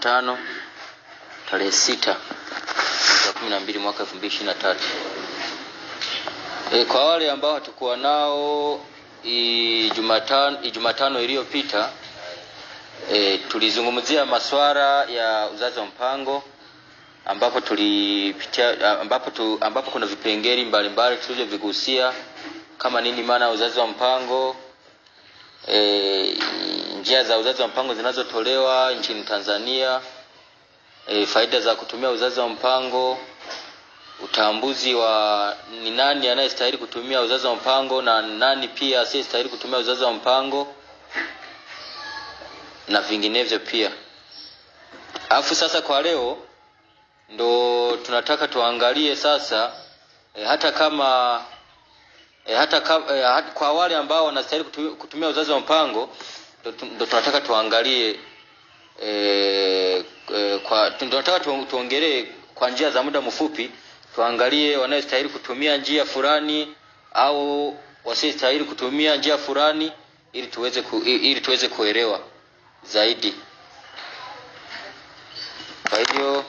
tano tarehe sita mwezi kumi na mbili mwaka elfu mbili ishirini na tatu. E, kwa wale ambao hatukuwa nao Jumatano iliyopita e, tulizungumzia masuala ya uzazi wa mpango ambapo tulipitia ambapo, tu, ambapo kuna vipengeli mbalimbali tulivyovigusia kama nini maana ya uzazi wa mpango e, njia za uzazi wa mpango zinazotolewa nchini Tanzania, e, faida za kutumia uzazi wa mpango, utambuzi wa ni nani anayestahili kutumia uzazi wa mpango na nani pia asiyestahili kutumia uzazi wa mpango na vinginevyo pia. Alafu sasa kwa leo ndo tunataka tuangalie sasa e, hata kama e, hata ka, e, eh, hat, kwa wale ambao wanastahili kutumia, kutumia uzazi wa mpango ndo tunataka tuangalie e, e, kwa tunataka tuongelee kwa njia za muda mfupi, tuangalie wanayostahili kutumia njia fulani au wasiostahili kutumia njia fulani ili tuweze ku, ili tuweze kuelewa zaidi. Kwa hiyo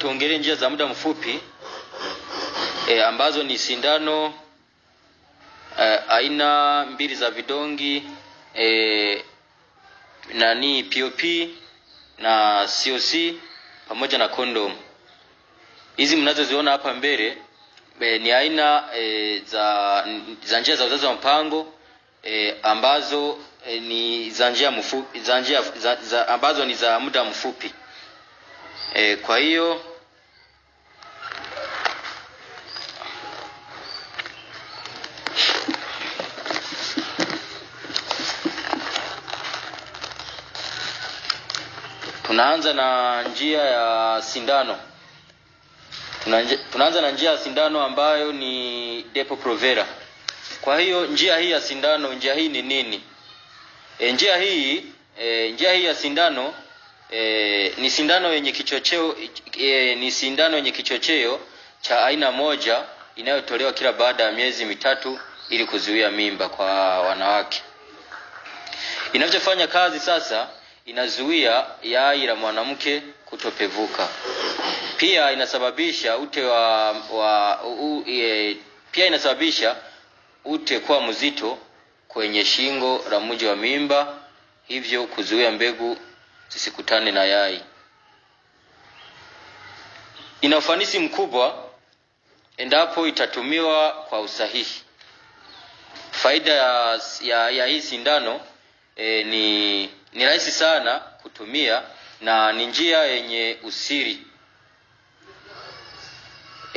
tuongelee njia za muda mfupi e, ambazo ni sindano e, aina mbili za vidongi e, nani POP na COC pamoja na kondom. Hizi mnazoziona hapa mbele e, ni aina e, za, za njia za uzazi wa mpango e, ambazo e, ni za njia mfupi, za njia za, za, ambazo ni za muda mfupi e, kwa hiyo Tunaanza na njia ya sindano. Tunaanza na njia ya sindano ambayo ni Depo-Provera. Kwa hiyo njia hii ya sindano, njia hii ni nini? E, njia hii e, njia hii ya sindano e, ni sindano yenye kichocheo e, ni sindano yenye kichocheo cha aina moja inayotolewa kila baada ya miezi mitatu ili kuzuia mimba kwa wanawake. Inavyofanya kazi sasa inazuia yai la mwanamke kutopevuka. Pia inasababisha ute wa, wa u, e, pia inasababisha ute kuwa mzito kwenye shingo la mji wa mimba, hivyo kuzuia mbegu zisikutane na yai. Ina ufanisi mkubwa endapo itatumiwa kwa usahihi. Faida ya, ya, ya hii sindano e, ni ni rahisi sana kutumia na ni njia yenye usiri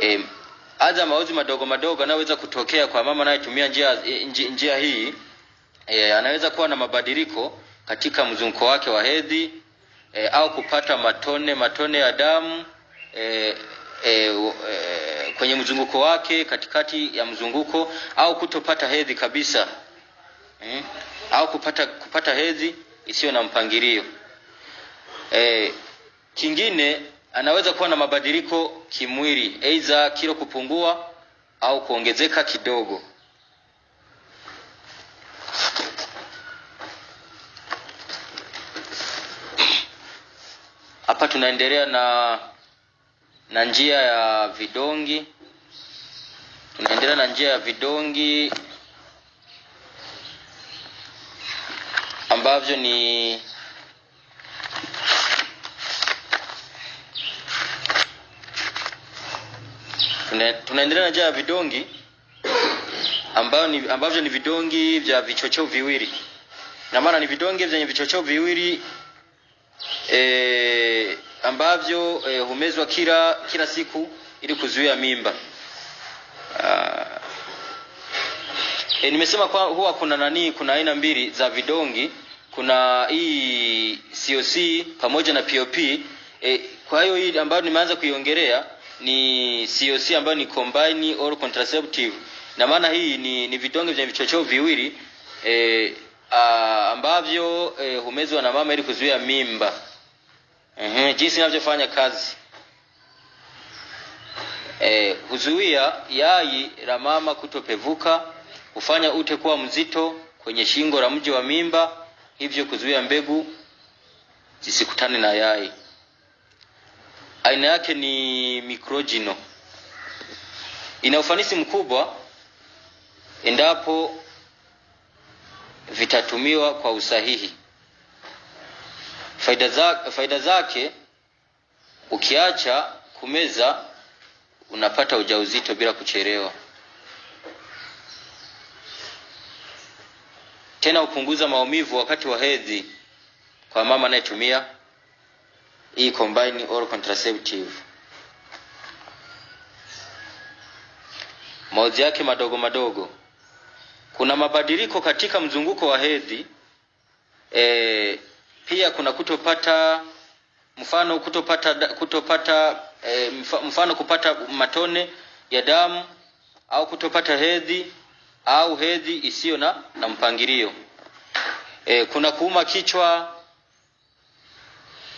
e, aza mauzi madogo madogo anaweza kutokea kwa mama anayetumia njia, njia hii e, anaweza kuwa na mabadiliko katika mzunguko wake wa hedhi e, au kupata matone matone ya damu e, e, e, kwenye mzunguko wake katikati ya mzunguko au kutopata hedhi kabisa e, au kupata kupata hedhi isiyo na mpangilio. E, kingine anaweza kuwa na mabadiliko kimwili, aidha kilo kupungua au kuongezeka kidogo. Hapa tunaendelea na na njia ya vidongi, tunaendelea na njia ya vidongi ambavyo ni tunaendelea na jaa vidongi ambayo ni, ambavyo ni vidongi vya vichocheo viwili na maana ni vidongi vyenye vichocheo viwili e, ambavyo e, humezwa kila kila siku ili kuzuia mimba. Uh, e, nimesema kwa huwa kuna nani, kuna aina mbili za vidongi kuna hii e, COC pamoja na POP e, kwa hiyo hii ambayo nimeanza kuiongelea ni COC ambayo ni combine or contraceptive, na maana hii ni, ni vidonge vya vichocheo viwili e, a, ambavyo e, humezwa na mama ili kuzuia mimba. Uhum, jinsi inavyofanya kazi e, huzuia yai la mama kutopevuka, hufanya ute kuwa mzito kwenye shingo la mji wa mimba hivyo kuzuia mbegu zisikutane na yai. Aina yake ni mikrojino. Ina ufanisi mkubwa endapo vitatumiwa kwa usahihi. Faida zake, faida zake ukiacha kumeza unapata ujauzito bila kuchelewa. Tena hupunguza maumivu wakati wa hedhi kwa mama anayetumia hii combine oral contraceptive. Maudhi yake madogo madogo, kuna mabadiliko katika mzunguko wa hedhi e, pia kuna kutopata mfano kutopata kutopata e, mfano kupata matone ya damu au kutopata hedhi au hedhi isiyo na, na mpangilio. E, kuna kuuma kichwa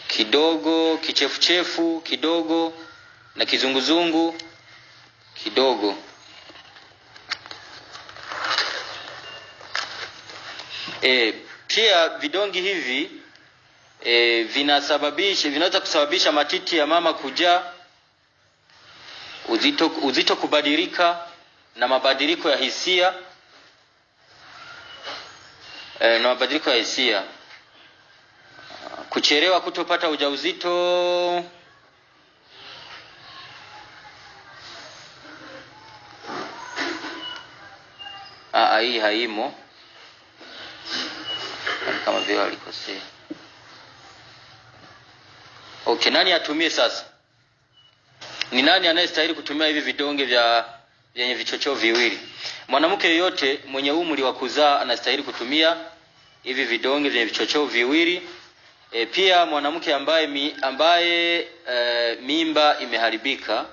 kidogo, kichefuchefu kidogo na kizunguzungu kidogo. E, pia vidongi hivi e, vinasababisha vinaweza kusababisha matiti ya mama kujaa, uzito, uzito kubadilika na mabadiliko ya hisia e, na mabadiliko ya hisia, kuchelewa kutopata ujauzito Aa, ah, ah, hii haimo yaani kama vile alikosea Okay, nani atumie sasa? Ni nani anayestahili kutumia hivi vidonge vya vyenye vichocheo viwili. Mwanamke yoyote mwenye umri wa kuzaa anastahili kutumia hivi vidonge vyenye vichocheo viwili. E, pia mwanamke ambaye, mi, ambaye e, mimba imeharibika,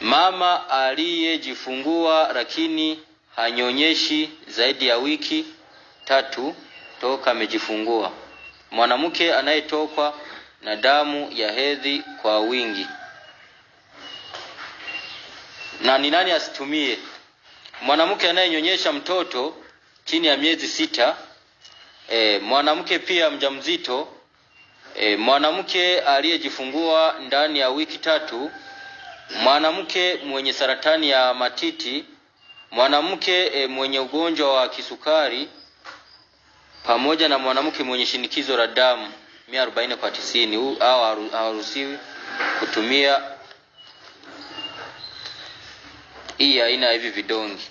mama aliyejifungua lakini hanyonyeshi zaidi ya wiki tatu toka amejifungua, mwanamke anayetokwa na damu ya hedhi kwa wingi na ni nani asitumie. Mwanamke anayenyonyesha mtoto chini ya miezi sita, e, mwanamke pia mjamzito, e, mwanamke aliyejifungua ndani ya wiki tatu, mwanamke mwenye saratani ya matiti, mwanamke e, mwenye ugonjwa wa kisukari pamoja na mwanamke mwenye shinikizo la damu 140 kwa 90 hawaruhusiwi kutumia hii aina hivi vidongi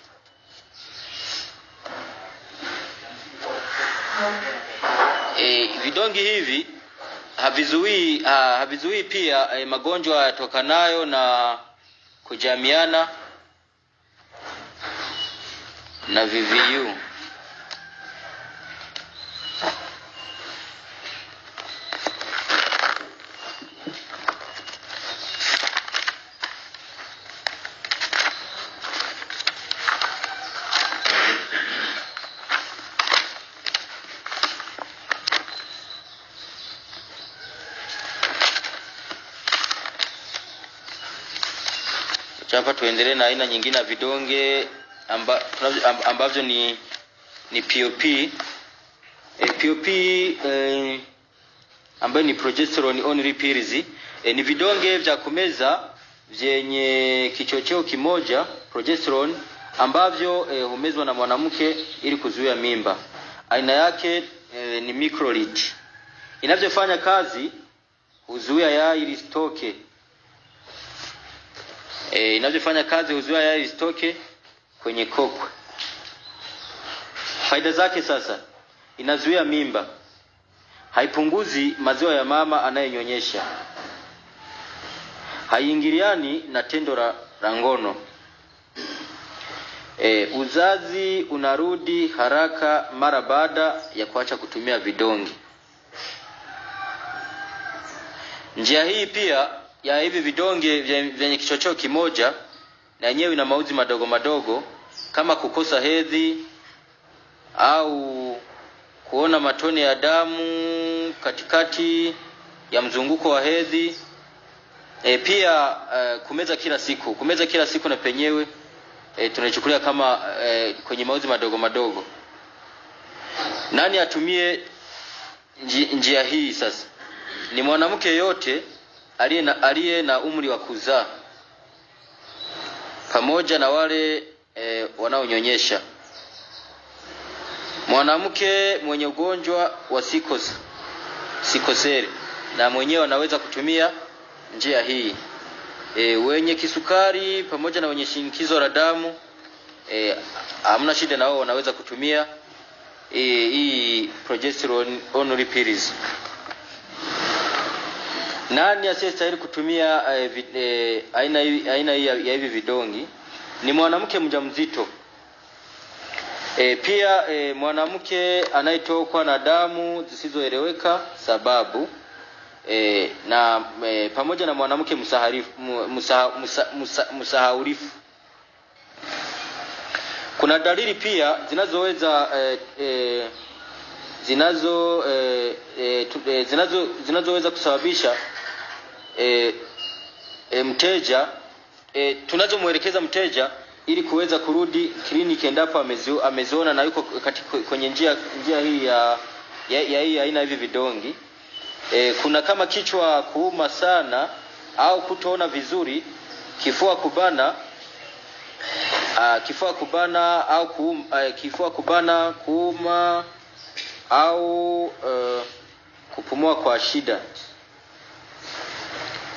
e, vidongi hivi havizuii havizuii pia e, magonjwa yatokanayo na kujamiana na VVU. hapa tuendelee na aina nyingine ya vidonge amba, ambavyo ni ni POP e, eh, POP e, eh, ambayo ni progesterone only pills e, ni vidonge vya kumeza vyenye kichocheo kimoja progesterone ambavyo e, humezwa na mwanamke ili kuzuia mimba. Aina yake e, ni microlit. Inavyofanya kazi huzuia yai lisitoke e, inavyofanya kazi huzuia yai isitoke kwenye kokwe. Faida zake sasa, inazuia mimba, haipunguzi maziwa ya mama anayenyonyesha, haiingiliani na tendo la ngono. E, uzazi unarudi haraka mara baada ya kuacha kutumia vidonge. Njia hii pia ya hivi vidonge vyenye kichocheo kimoja na yenyewe ina mauzi madogo madogo kama kukosa hedhi au kuona matone ya damu katikati ya mzunguko wa hedhi. E, pia e, kumeza kila siku. Kumeza kila siku na penyewe e, tunachukulia kama e, kwenye mauzi madogo madogo. Nani atumie njia hii sasa? Ni mwanamke yote aliye na, aliye na umri wa kuzaa pamoja na wale e, wanaonyonyesha. Mwanamke mwenye ugonjwa wa sikos, sikoseli na mwenyewe anaweza kutumia njia hii e, wenye kisukari pamoja na wenye shinikizo la damu e, hamna shida, na wao wanaweza kutumia hii e, e, progesterone only pills. Nani asiyestahili kutumia eh, eh aina aina ya hivi vidongi ni mwanamke mjamzito. E, pia e, mwanamke anayetokwa na damu zisizoeleweka sababu e, na e, pamoja na mwanamke msaharifu musa, musa, musa, msahaurifu. Kuna dalili pia zinazoweza e, e, zinazo e, e, e, zinazo zinazoweza kusababisha e, e, mteja e, tunachomwelekeza mteja ili kuweza kurudi kliniki endapo ameziona na yuko kwenye njia, njia hii ya ya, ya hii aina hivi vidongi e, kuna kama kichwa kuuma sana au kutoona vizuri, kifua kubana a, kifua kubana au kuum, a, kifua kubana kuuma au a, e, kupumua kwa shida.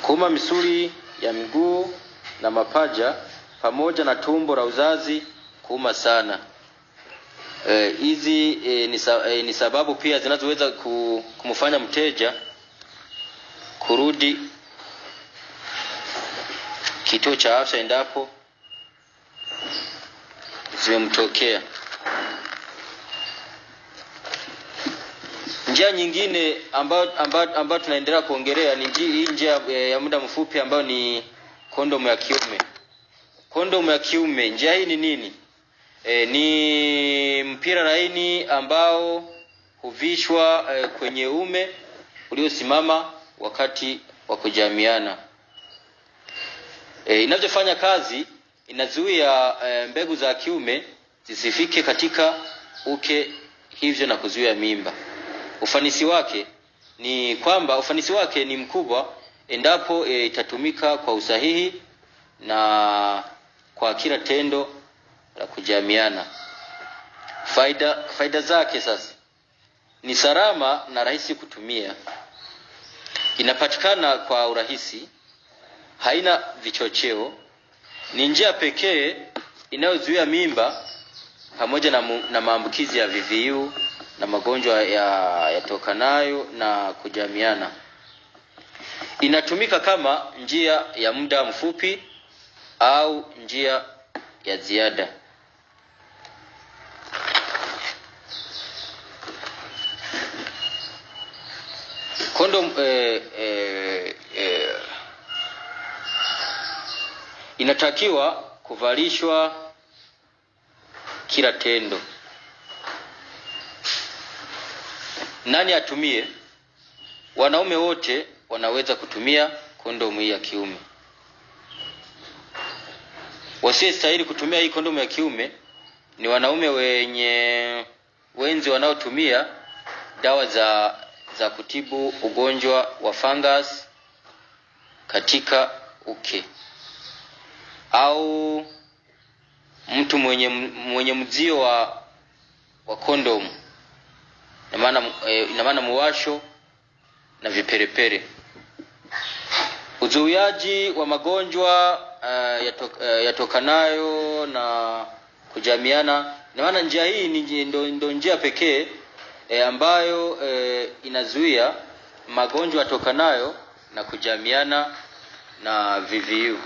Kuuma misuli ya miguu na mapaja pamoja na tumbo la uzazi kuuma sana. E, hizi e, e, e, ni sababu pia zinazoweza kumfanya mteja kurudi kituo cha afya endapo zimemtokea. Njia nyingine ambayo ambayo amba tunaendelea kuongelea ni hii njia eh, ya muda mfupi ambayo ni kondomu ya kiume. Kondomu ya kiume, njia hii ni nini? E, ni mpira laini ambao huvishwa e, kwenye ume uliosimama wakati wa kujamiana. E, inavyofanya kazi inazuia e, mbegu za kiume zisifike katika uke, hivyo na kuzuia mimba. Ufanisi wake ni kwamba ufanisi wake ni mkubwa endapo e, itatumika kwa usahihi na kwa kila tendo la kujamiana. Faida, faida zake sasa ni salama na rahisi kutumia, inapatikana kwa urahisi, haina vichocheo, ni njia pekee inayozuia mimba pamoja na, na maambukizi ya VVU na magonjwa yatokanayo ya na kujamiana. Inatumika kama njia ya muda mfupi au njia ya ziada. Kondom eh, eh, eh, inatakiwa kuvalishwa kila tendo. nani atumie? Wanaume wote wanaweza kutumia kondomu hii ya kiume. Wasiostahili kutumia hii kondomu ya kiume ni wanaume wenye wenzi wanaotumia dawa za za kutibu ugonjwa wa fungus katika uke au mtu mwenye, mwenye mzio wa, wa kondomu maana eh, ina maana muwasho na viperepere. Uzuiaji wa magonjwa uh, eh, yatokanayo uh, eh, yatokanayo na kujamiana, ina maana njia hii ni ndo njia pekee e, ambayo e, inazuia magonjwa yatokanayo na kujamiana na VVU.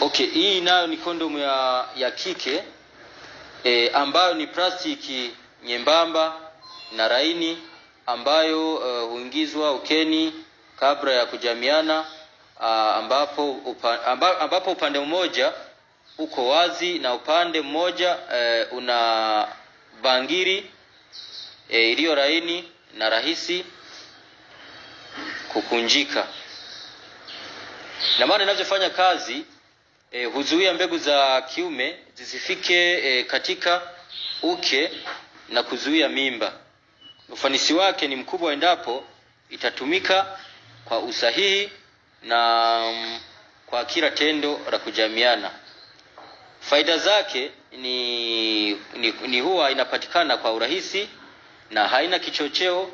Okay, hii nayo ni kondomu ya, ya kike e, ambayo ni plastiki nyembamba na laini ambayo e, huingizwa uh, ukeni kabla ya kujamiana uh, ambapo, upa, amba, ambapo upande mmoja uko wazi na upande mmoja uh, una bangiri uh, e, iliyo laini na rahisi kukunjika, na maana inavyofanya kazi e, huzuia mbegu za kiume zisifike e, katika uke na kuzuia mimba. Ufanisi wake ni mkubwa endapo itatumika kwa usahihi na m, mm, kwa kila tendo la kujamiana. Faida zake ni, ni, ni huwa inapatikana kwa urahisi na haina kichocheo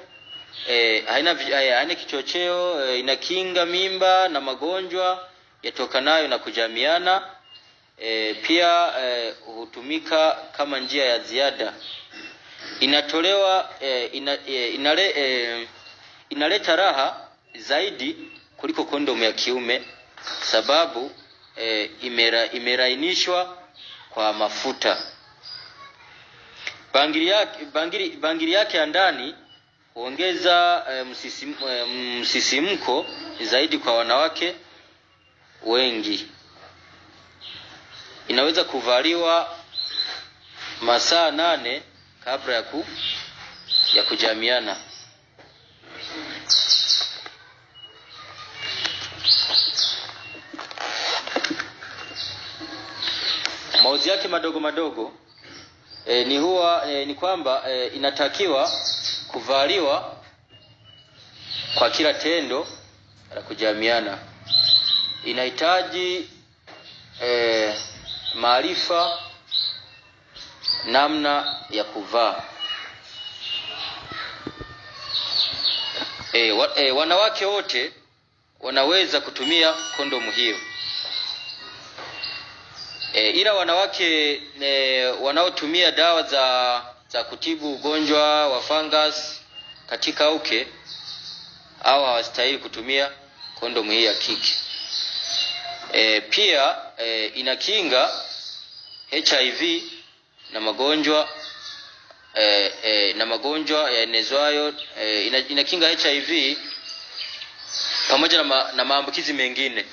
e, haina, haina kichocheo e, inakinga mimba na magonjwa yatokanayo na kujamiana e, pia e, hutumika kama njia ya ziada inatolewa e, ina, e, inale, e, inaleta raha zaidi kuliko kondomu ya kiume sababu e, imera, imerainishwa kwa mafuta. Bangili yake, bangili, bangili yake ya ndani huongeza e, e msisimko msisi zaidi kwa wanawake wengi. Inaweza kuvaliwa masaa nane kabla ya, ku, ya kujamiana. Mauzi yake madogo madogo e, ni huwa e, ni kwamba e, inatakiwa kuvaliwa kwa kila tendo la kujamiana inahitaji e, maarifa namna ya kuvaa. E, wa, e, wanawake wote wanaweza kutumia kondomu hiyo e, ila wanawake e, wanaotumia dawa za, za kutibu ugonjwa wa fungus katika uke au hawastahili kutumia kondomu hii ya kike. E, pia e, inakinga HIV na magonjwa e, e, na magonjwa yaenezwayo e, inakinga HIV pamoja na, ma, na maambukizi mengine.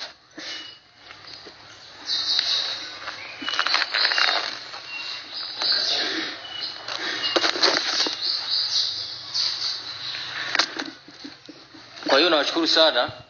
Kwa hiyo nawashukuru sana.